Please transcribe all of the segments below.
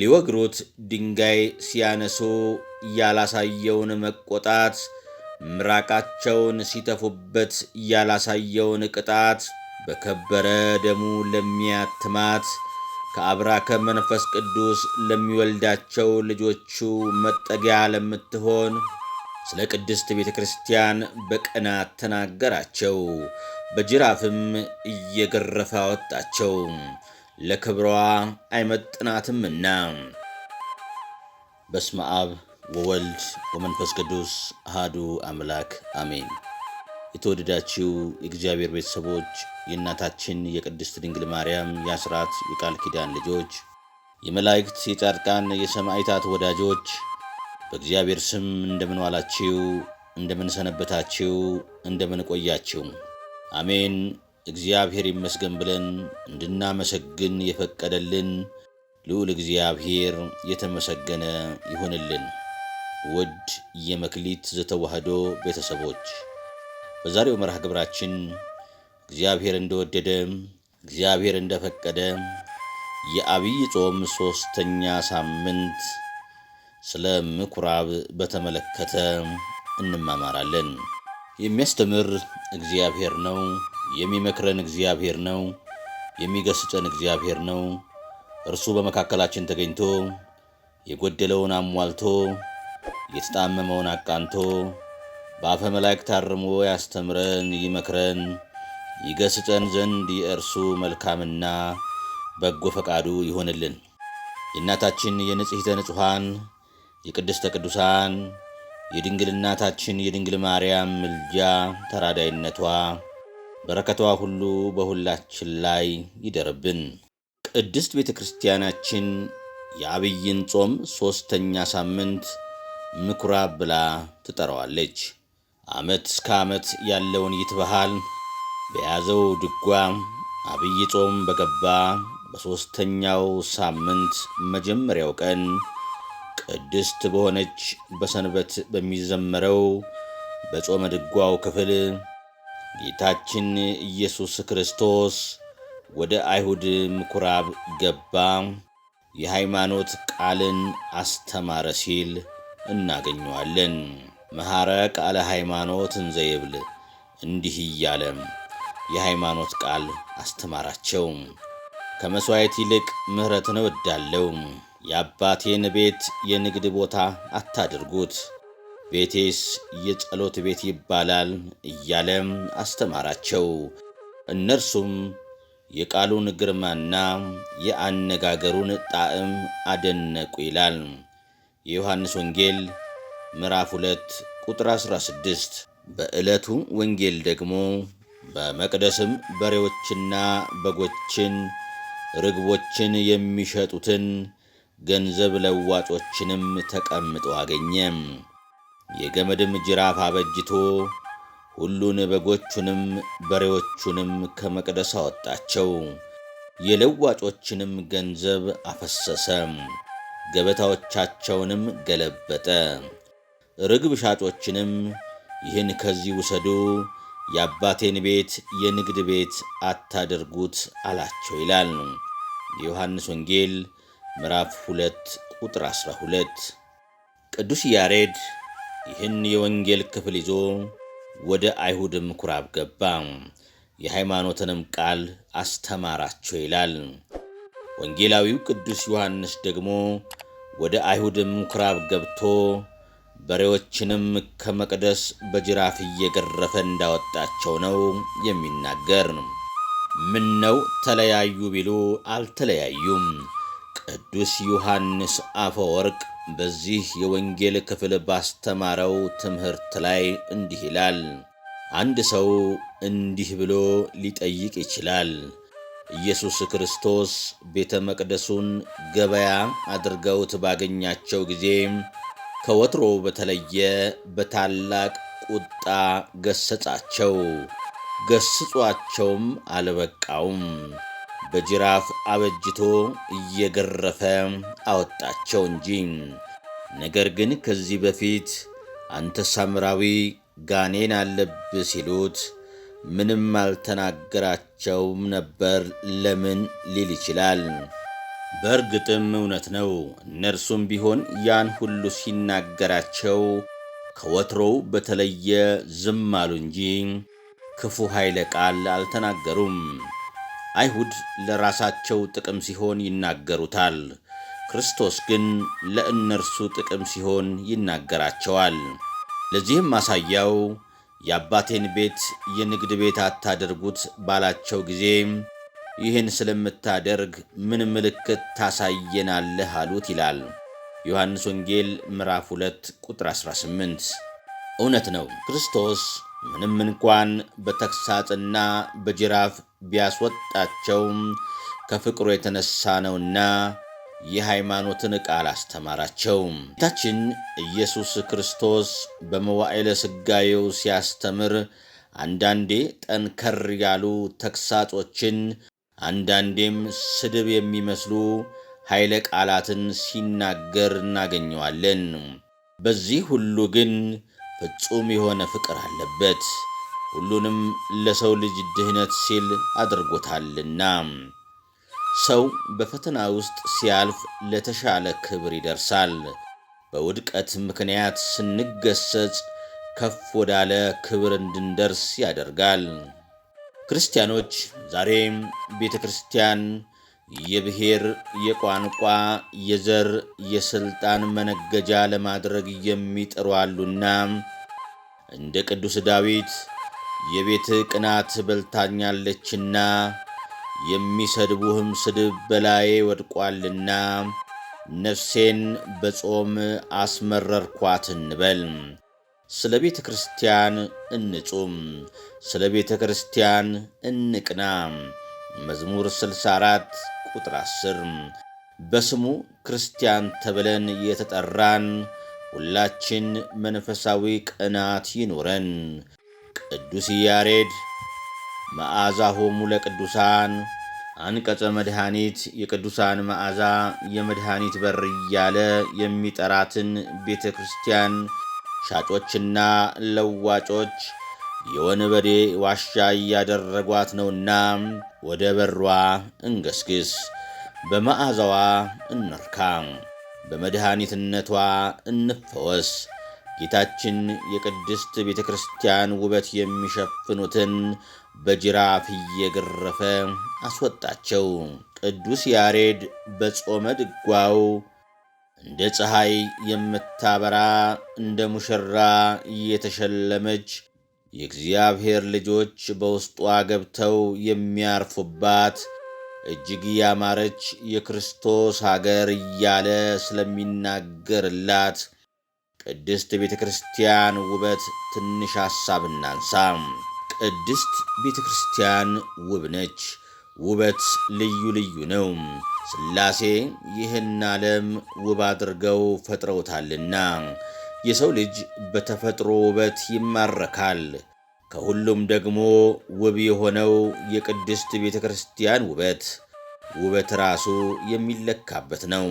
ሊወግሩት ድንጋይ ሲያነሱ ያላሳየውን መቆጣት፣ ምራቃቸውን ሲተፉበት ያላሳየውን ቅጣት በከበረ ደሙ ለሚያትማት ከአብራከ መንፈስ ቅዱስ ለሚወልዳቸው ልጆቹ መጠጊያ ለምትሆን ስለ ቅድስት ቤተ ክርስቲያን በቅናት ተናገራቸው። በጅራፍም እየገረፈ አወጣቸው። ለክብሯ አይመጥናትምና። በስመ አብ ወወልድ ወመንፈስ ቅዱስ አሃዱ አምላክ አሜን። የተወደዳችው የእግዚአብሔር ቤተሰቦች የእናታችን የቅድስት ድንግል ማርያም የአስራት የቃል ኪዳን ልጆች፣ የመላእክት የጻድቃን የሰማዕታት ወዳጆች በእግዚአብሔር ስም እንደምንዋላችው፣ እንደምንሰነበታችው፣ እንደምንቆያችው አሜን። እግዚአብሔር ይመስገን ብለን እንድናመሰግን የፈቀደልን ልዑል እግዚአብሔር የተመሰገነ ይሁንልን። ውድ የመክሊት ዘተዋህዶ ቤተሰቦች በዛሬው መርሃ ግብራችን እግዚአብሔር እንደወደደ እግዚአብሔር እንደፈቀደ የአብይ ጾም ሦስተኛ ሳምንት ስለ ምኩራብ በተመለከተ እንማማራለን። የሚያስተምር እግዚአብሔር ነው። የሚመክረን እግዚአብሔር ነው፣ የሚገስጸን እግዚአብሔር ነው። እርሱ በመካከላችን ተገኝቶ የጎደለውን አሟልቶ የተጣመመውን አቃንቶ በአፈ መላእክት ታርሞ ያስተምረን ይመክረን ይገስጸን ዘንድ የእርሱ መልካምና በጎ ፈቃዱ ይሆንልን። የእናታችን የንጽሕተ ንጹሐን የቅድስተ ቅዱሳን የድንግል እናታችን የድንግል ማርያም ምልጃ ተራዳይነቷ በረከቷ ሁሉ በሁላችን ላይ ይደርብን። ቅድስት ቤተ ክርስቲያናችን የአብይን ጾም ሦስተኛ ሳምንት ምኩራብ ብላ ትጠራዋለች። ዓመት እስከ ዓመት ያለውን ይህ በዓል በያዘው ድጓ አብይ ጾም በገባ በሦስተኛው ሳምንት መጀመሪያው ቀን ቅድስት በሆነች በሰንበት በሚዘመረው በጾመ ድጓው ክፍል ጌታችን ኢየሱስ ክርስቶስ ወደ አይሁድ ምኩራብ ገባ፣ የሃይማኖት ቃልን አስተማረ ሲል እናገኘዋለን። መሐረ ቃለ ሃይማኖት እንዘይብል እንዲህ እያለም የሃይማኖት ቃል አስተማራቸው። ከመሥዋዕት ይልቅ ምሕረትን እወዳለሁ። የአባቴን ቤት የንግድ ቦታ አታድርጉት። ቤቴስ የጸሎት ቤት ይባላል እያለ አስተማራቸው። እነርሱም የቃሉን ግርማና የአነጋገሩን ጣዕም አደነቁ ይላል የዮሐንስ ወንጌል ምዕራፍ 2 ቁጥር 16። በዕለቱ ወንጌል ደግሞ በመቅደስም በሬዎችና በጎችን ርግቦችን የሚሸጡትን ገንዘብ ለዋጮችንም ተቀምጦ አገኘ። የገመድም ጅራፍ አበጅቶ ሁሉን በጎቹንም በሬዎቹንም ከመቅደስ አወጣቸው። የለዋጮችንም ገንዘብ አፈሰሰ፣ ገበታዎቻቸውንም ገለበጠ። ርግብ ሻጮችንም ይህን ከዚህ ውሰዱ፣ የአባቴን ቤት የንግድ ቤት አታደርጉት አላቸው ይላል የዮሐንስ ወንጌል ምዕራፍ 2 ቁጥር 12። ቅዱስ ያሬድ ይህን የወንጌል ክፍል ይዞ ወደ አይሁድ ምኩራብ ገባ፣ የሃይማኖትንም ቃል አስተማራቸው ይላል። ወንጌላዊው ቅዱስ ዮሐንስ ደግሞ ወደ አይሁድም ምኩራብ ገብቶ በሬዎችንም ከመቅደስ በጅራፍ እየገረፈ እንዳወጣቸው ነው የሚናገር። ምን ነው ተለያዩ ቢሉ አልተለያዩም። ቅዱስ ዮሐንስ አፈወርቅ በዚህ የወንጌል ክፍል ባስተማረው ትምህርት ላይ እንዲህ ይላል። አንድ ሰው እንዲህ ብሎ ሊጠይቅ ይችላል። ኢየሱስ ክርስቶስ ቤተ መቅደሱን ገበያ አድርገውት ባገኛቸው ጊዜ ከወትሮ በተለየ በታላቅ ቁጣ ገሰጻቸው። ገስጿቸውም አልበቃውም። በጅራፍ አበጅቶ እየገረፈ አወጣቸው እንጂ። ነገር ግን ከዚህ በፊት አንተ ሳምራዊ ጋኔን አለብ ሲሉት ምንም አልተናገራቸውም ነበር ለምን ሊል ይችላል። በእርግጥም እውነት ነው። እነርሱም ቢሆን ያን ሁሉ ሲናገራቸው ከወትሮው በተለየ ዝም አሉ እንጂ ክፉ ኃይለ ቃል አልተናገሩም። አይሁድ ለራሳቸው ጥቅም ሲሆን ይናገሩታል፣ ክርስቶስ ግን ለእነርሱ ጥቅም ሲሆን ይናገራቸዋል። ለዚህም ማሳያው የአባቴን ቤት የንግድ ቤት አታደርጉት ባላቸው ጊዜ ይህን ስለምታደርግ ምን ምልክት ታሳየናለህ አሉት ይላል ዮሐንስ ወንጌል ምዕራፍ 2 ቁጥር 18። እውነት ነው፣ ክርስቶስ ምንም እንኳን በተግሳጽና በጅራፍ ቢያስወጣቸው ከፍቅሩ የተነሳ ነውና የሃይማኖትን ቃል አስተማራቸው። ጌታችን ኢየሱስ ክርስቶስ በመዋዕለ ሥጋዌው ሲያስተምር አንዳንዴ ጠንከር ያሉ ተግሳጾችን፣ አንዳንዴም ስድብ የሚመስሉ ኃይለ ቃላትን ሲናገር እናገኘዋለን። በዚህ ሁሉ ግን ፍጹም የሆነ ፍቅር አለበት። ሁሉንም ለሰው ልጅ ድህነት ሲል አድርጎታልና። ሰው በፈተና ውስጥ ሲያልፍ ለተሻለ ክብር ይደርሳል። በውድቀት ምክንያት ስንገሰጽ ከፍ ወዳለ ክብር እንድንደርስ ያደርጋል። ክርስቲያኖች ዛሬም ቤተ ክርስቲያን የብሔር፣ የቋንቋ፣ የዘር፣ የሥልጣን መነገጃ ለማድረግ የሚጥሩ አሉና እንደ ቅዱስ ዳዊት የቤት ቅናት በልታኛለችና የሚሰድቡህም ስድብ በላዬ ወድቋልና ነፍሴን በጾም አስመረርኳት እንበል። ስለ ቤተ ክርስቲያን እንጹም፣ ስለ ቤተ ክርስቲያን እንቅና። መዝሙር 64 ቁጥር 10 በስሙ ክርስቲያን ተብለን የተጠራን ሁላችን መንፈሳዊ ቅናት ይኑረን። ቅዱስ ያሬድ ሆሙ ለቅዱሳን አንቀጸ መድኃኒት የቅዱሳን መዓዛ የመድኃኒት በር እያለ የሚጠራትን ቤተ ክርስቲያን ሻጮችና ለዋጮች የወንበዴ ዋሻ እያደረጓት ነውና ወደ በሯ እንገስግስ፣ በመዓዛዋ እንርካ፣ በመድኃኒትነቷ እንፈወስ። ጌታችን የቅድስት ቤተ ክርስቲያን ውበት የሚሸፍኑትን በጅራፍ እየገረፈ አስወጣቸው። ቅዱስ ያሬድ በጾመ ድጓው እንደ ፀሐይ የምታበራ እንደ ሙሽራ እየተሸለመች የእግዚአብሔር ልጆች በውስጧ ገብተው የሚያርፉባት እጅግ ያማረች የክርስቶስ አገር እያለ ስለሚናገርላት ቅድስት ቤተ ክርስቲያን ውበት ትንሽ ሐሳብ እናንሳ። ቅድስት ቤተ ክርስቲያን ውብ ነች። ውበት ልዩ ልዩ ነው። ሥላሴ ይህን ዓለም ውብ አድርገው ፈጥረውታልና የሰው ልጅ በተፈጥሮ ውበት ይማረካል። ከሁሉም ደግሞ ውብ የሆነው የቅድስት ቤተ ክርስቲያን ውበት ውበት ራሱ የሚለካበት ነው።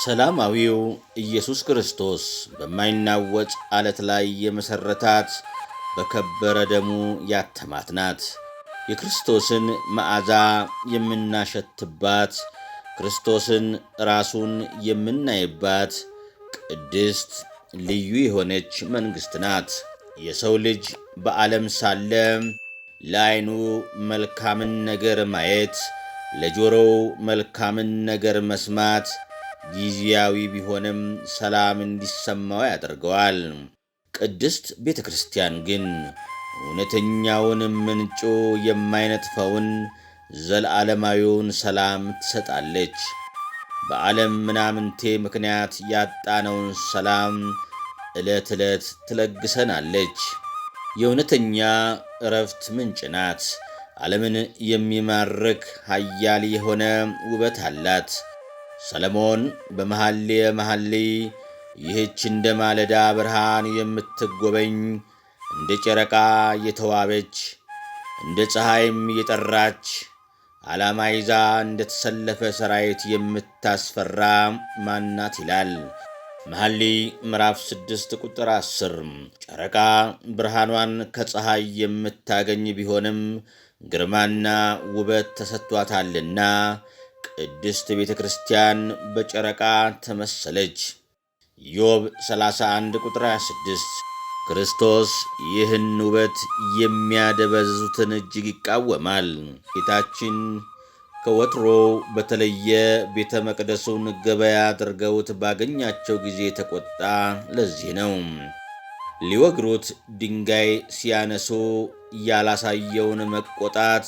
ሰላማዊው ኢየሱስ ክርስቶስ በማይናወጥ ዓለት ላይ የመሠረታት በከበረ ደሙ ያተማት ናት። የክርስቶስን መዓዛ የምናሸትባት፣ ክርስቶስን ራሱን የምናይባት ቅድስት ልዩ የሆነች መንግሥት ናት። የሰው ልጅ በዓለም ሳለ ለዐይኑ መልካምን ነገር ማየት፣ ለጆሮው መልካምን ነገር መስማት ጊዜያዊ ቢሆንም ሰላም እንዲሰማው ያደርገዋል። ቅድስት ቤተ ክርስቲያን ግን እውነተኛውን ምንጩ የማይነጥፈውን ዘለዓለማዊውን ሰላም ትሰጣለች። በዓለም ምናምንቴ ምክንያት ያጣነውን ሰላም ዕለት ዕለት ትለግሰናለች። የእውነተኛ እረፍት ምንጭ ናት። ዓለምን የሚማርክ ኃያል የሆነ ውበት አላት። ሰለሞን በመሐልየ መሐልይ ይህች እንደ ማለዳ ብርሃን የምትጎበኝ እንደ ጨረቃ የተዋበች እንደ ፀሐይም እየጠራች ዓላማ ይዛ እንደተሰለፈ ሠራዊት የምታስፈራ ማናት ይላል መሐልይ ምዕራፍ 6 ቁጥር 10። ጨረቃ ብርሃኗን ከፀሐይ የምታገኝ ቢሆንም ግርማና ውበት ተሰጥቷታልና ቅድስት ቤተ ክርስቲያን በጨረቃ ተመሰለች። ዮብ 31 ቁጥር 26። ክርስቶስ ይህን ውበት የሚያደበዝዙትን እጅግ ይቃወማል። ጌታችን ከወትሮ በተለየ ቤተ መቅደሱን ገበያ አድርገውት ባገኛቸው ጊዜ ተቆጣ ለዚህ ነው። ሊወግሩት ድንጋይ ሲያነሱ ያላሳየውን መቆጣት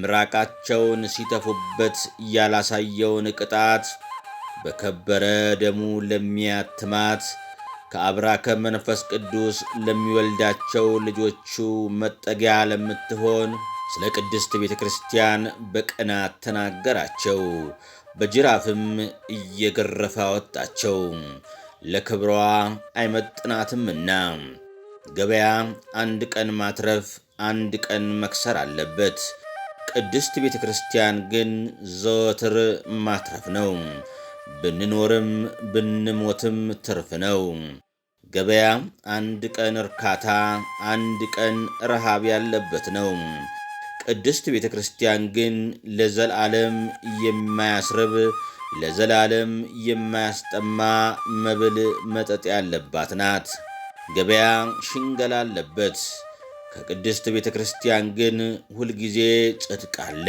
ምራቃቸውን ሲተፉበት ያላሳየውን ቅጣት በከበረ ደሙ ለሚያትማት ከአብራከ መንፈስ ቅዱስ ለሚወልዳቸው ልጆቹ መጠጊያ ለምትሆን ስለ ቅድስት ቤተ ክርስቲያን በቅናት ተናገራቸው። በጅራፍም እየገረፈ አወጣቸው። ለክብሯ አይመጥናትምና ገበያ አንድ ቀን ማትረፍ አንድ ቀን መክሰር አለበት። ቅድስት ቤተ ክርስቲያን ግን ዘወትር ማትረፍ ነው። ብንኖርም ብንሞትም ትርፍ ነው። ገበያ አንድ ቀን እርካታ፣ አንድ ቀን ረሃብ ያለበት ነው። ቅድስት ቤተ ክርስቲያን ግን ለዘላለም የማያስርብ ለዘላለም የማያስጠማ መብል መጠጥ ያለባት ናት። ገበያ ሽንገላ አለበት። ከቅድስት ቤተ ክርስቲያን ግን ሁልጊዜ ጽድቅ አለ፣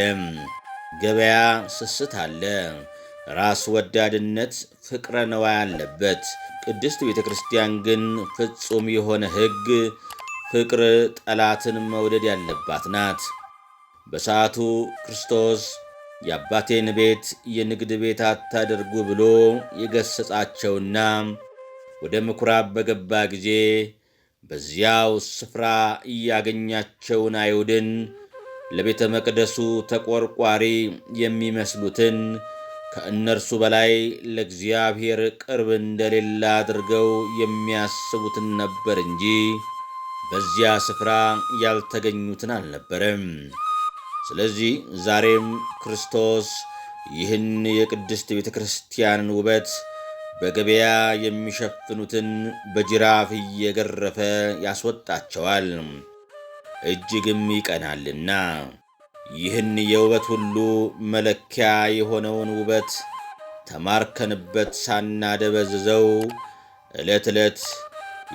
ገበያ ስስት አለ፣ ራስ ወዳድነት ፍቅረ ነዋይ አለበት። ቅድስት ቤተ ክርስቲያን ግን ፍጹም የሆነ ሕግ፣ ፍቅር፣ ጠላትን መውደድ ያለባት ናት። በሰዓቱ ክርስቶስ የአባቴን ቤት የንግድ ቤት አታደርጉ ብሎ የገሰጻቸውና ወደ ምኩራብ በገባ ጊዜ በዚያው ስፍራ እያገኛቸውን አይሁድን ለቤተ መቅደሱ ተቆርቋሪ የሚመስሉትን ከእነርሱ በላይ ለእግዚአብሔር ቅርብ እንደሌለ አድርገው የሚያስቡትን ነበር እንጂ በዚያ ስፍራ ያልተገኙትን አልነበረም። ስለዚህ ዛሬም ክርስቶስ ይህን የቅድስት ቤተ ክርስቲያንን ውበት በገበያ የሚሸፍኑትን በጅራፍ እየገረፈ ያስወጣቸዋል፣ እጅግም ይቀናልና። ይህን የውበት ሁሉ መለኪያ የሆነውን ውበት ተማርከንበት ሳናደበዝዘው ዕለት ዕለት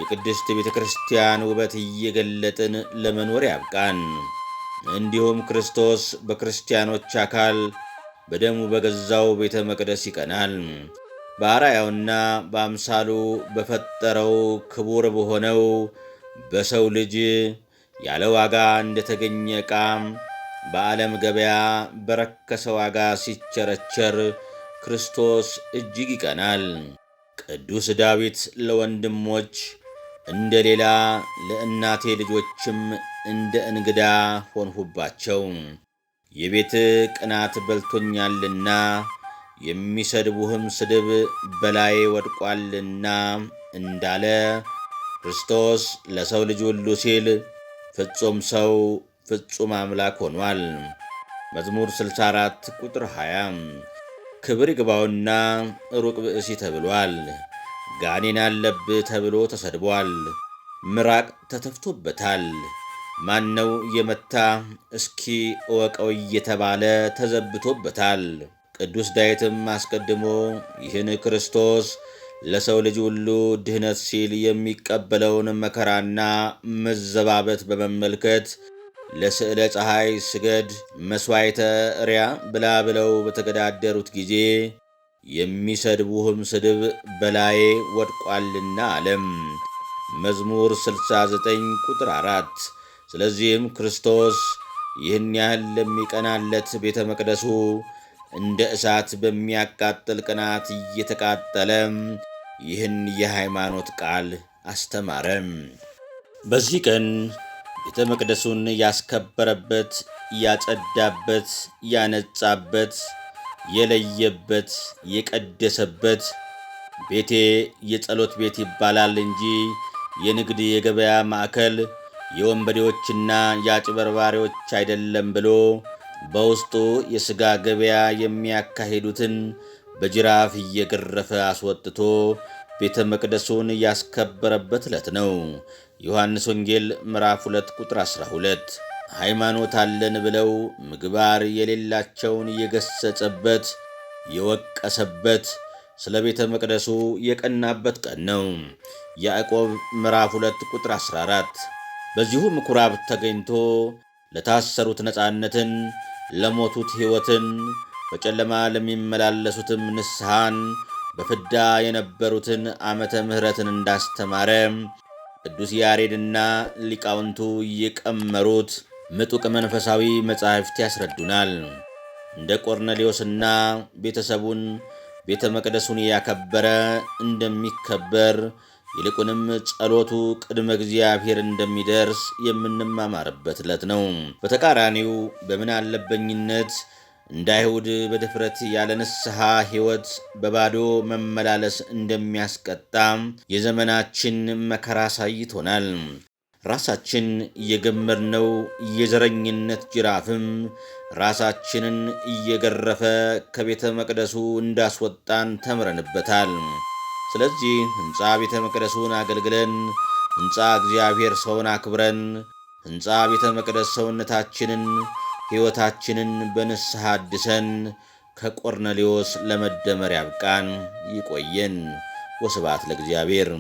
የቅድስት ቤተ ክርስቲያን ውበት እየገለጥን ለመኖር ያብቃን። እንዲሁም ክርስቶስ በክርስቲያኖች አካል በደሙ በገዛው ቤተ መቅደስ ይቀናል። በአርአያውና በአምሳሉ በፈጠረው ክቡር በሆነው በሰው ልጅ ያለ ዋጋ እንደተገኘ ዕቃ በዓለም ገበያ በረከሰ ዋጋ ሲቸረቸር ክርስቶስ እጅግ ይቀናል። ቅዱስ ዳዊት ለወንድሞች እንደ ሌላ ለእናቴ ልጆችም እንደ እንግዳ ሆንሁባቸው፣ የቤት ቅናት በልቶኛልና የሚሰድቡህም ስድብ በላይ ወድቋልና እንዳለ ክርስቶስ ለሰው ልጅ ሁሉ ሲል ፍጹም ሰው ፍጹም አምላክ ሆኗል። መዝሙር 64 ቁጥር 20 ክብር ይግባውና ሩቅ ብእሲ ተብሏል። ጋኔን አለብህ ተብሎ ተሰድቧል። ምራቅ ተተፍቶበታል። ማነው የመታ እስኪ እወቀው እየተባለ ተዘብቶበታል። ቅዱስ ዳዊትም አስቀድሞ ይህን ክርስቶስ ለሰው ልጅ ሁሉ ድህነት ሲል የሚቀበለውን መከራና መዘባበት በመመልከት ለስዕለ ፀሐይ ስገድ፣ መሥዋዕተ ሪያ ብላ ብለው በተገዳደሩት ጊዜ የሚሰድቡህም ስድብ በላዬ ወድቋልና አለም። መዝሙር 69 ቁጥር 4። ስለዚህም ክርስቶስ ይህን ያህል ለሚቀናለት ቤተ መቅደሱ እንደ እሳት በሚያቃጥል ቅናት እየተቃጠለ ይህን የሃይማኖት ቃል አስተማረም። በዚህ ቀን ቤተ መቅደሱን ያስከበረበት፣ ያጸዳበት፣ ያነጻበት፣ የለየበት፣ የቀደሰበት ቤቴ የጸሎት ቤት ይባላል እንጂ የንግድ የገበያ ማዕከል የወንበዴዎችና የአጭበርባሪዎች አይደለም ብሎ በውስጡ የሥጋ ገበያ የሚያካሂዱትን በጅራፍ እየገረፈ አስወጥቶ ቤተ መቅደሱን ያስከበረበት ዕለት ነው። ዮሐንስ ወንጌል ምዕራፍ 2 ቁጥር 12 ሃይማኖት አለን ብለው ምግባር የሌላቸውን የገሰጸበት የወቀሰበት ስለ ቤተ መቅደሱ የቀናበት ቀን ነው። ያዕቆብ ምዕራፍ 2 ቁጥር 14 በዚሁ ምኩራብ ተገኝቶ ለታሰሩት ነፃነትን ለሞቱት ሕይወትን፣ በጨለማ ለሚመላለሱትም ንስሐን፣ በፍዳ የነበሩትን ዓመተ ምሕረትን እንዳስተማረ ቅዱስ ያሬድና ሊቃውንቱ እየቀመሩት ምጡቅ መንፈሳዊ መጻሕፍት ያስረዱናል። እንደ ቆርኔሌዎስና ቤተሰቡን ቤተ መቅደሱን ያከበረ እንደሚከበር ይልቁንም ጸሎቱ ቅድመ እግዚአብሔር እንደሚደርስ የምንማማርበት ዕለት ነው። በተቃራኒው በምን አለበኝነት እንደ አይሁድ በድፍረት ያለ ንስሐ ሕይወት በባዶ መመላለስ እንደሚያስቀጣ የዘመናችን መከራ አሳይቶናል። ራሳችን እየገመድነው የዘረኝነት ጅራፍም ራሳችንን እየገረፈ ከቤተ መቅደሱ እንዳስወጣን ተምረንበታል። ስለዚህ ሕንፃ ቤተ መቅደሱን አገልግለን ሕንፃ እግዚአብሔር ሰውን አክብረን ሕንፃ ቤተ መቅደስ ሰውነታችንን ሕይወታችንን በንስሐ አድሰን ከቆርኔሌዎስ ለመደመር ያብቃን። ይቆየን። ወስብሐት ለእግዚአብሔር።